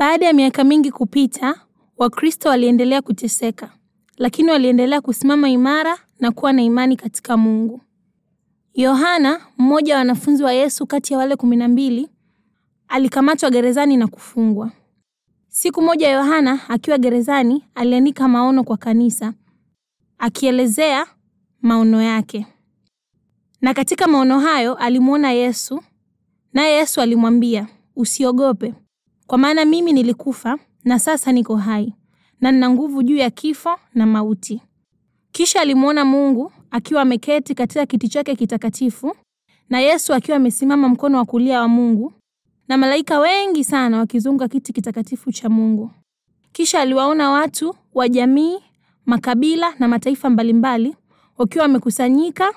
Baada ya miaka mingi kupita, Wakristo waliendelea kuteseka, lakini waliendelea kusimama imara na kuwa na imani katika Mungu. Yohana, mmoja wa wanafunzi wa Yesu kati ya wale kumi na mbili, alikamatwa gerezani na kufungwa. Siku moja Yohana akiwa gerezani aliandika maono kwa kanisa, akielezea maono yake, na katika maono hayo alimwona Yesu, naye Yesu alimwambia, usiogope, kwa maana mimi nilikufa na sasa niko hai na nina nguvu juu ya kifo na mauti. Kisha alimwona Mungu akiwa ameketi katika kiti chake kitakatifu na Yesu akiwa amesimama mkono wa kulia wa Mungu na malaika wengi sana wakizunguka kiti kitakatifu cha Mungu. Kisha aliwaona watu wa jamii, makabila na mataifa mbalimbali wakiwa wamekusanyika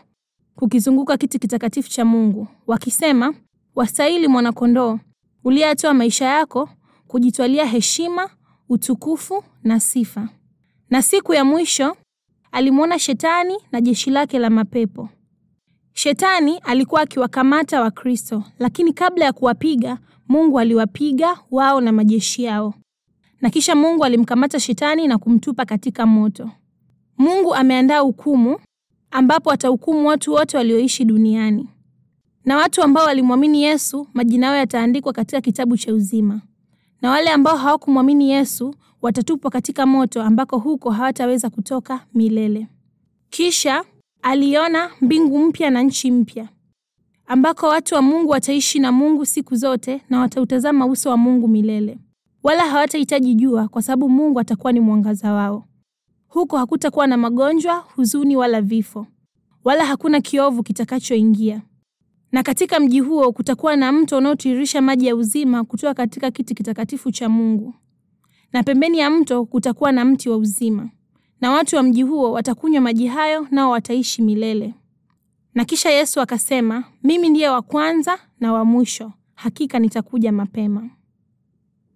kukizunguka kiti kitakatifu cha Mungu wakisema, wastahili mwanakondoo uliyetoa maisha yako kujitwalia heshima, utukufu na sifa. Na siku ya mwisho alimwona Shetani na jeshi lake la mapepo. Shetani alikuwa akiwakamata Wakristo, lakini kabla ya kuwapiga, Mungu aliwapiga wao na majeshi yao, na kisha Mungu alimkamata Shetani na kumtupa katika moto. Mungu ameandaa hukumu ambapo atahukumu watu wote walioishi duniani. Na watu ambao walimwamini Yesu majina yao yataandikwa katika kitabu cha uzima, na wale ambao hawakumwamini Yesu watatupwa katika moto ambako huko hawataweza kutoka milele. Kisha aliona mbingu mpya na nchi mpya ambako watu wa Mungu wataishi na Mungu siku zote na watautazama uso wa Mungu milele. Wala hawatahitaji jua, kwa sababu Mungu atakuwa ni mwangaza wao. Huko hakutakuwa na magonjwa, huzuni wala vifo, wala hakuna kiovu kitakachoingia na katika mji huo kutakuwa na mto unaotiririsha maji ya uzima kutoka katika kiti kitakatifu cha Mungu, na pembeni ya mto kutakuwa na mti wa uzima, na watu wa mji huo watakunywa maji hayo, nao wataishi milele. Na kisha Yesu akasema, mimi ndiye wa kwanza na wa mwisho, hakika nitakuja mapema.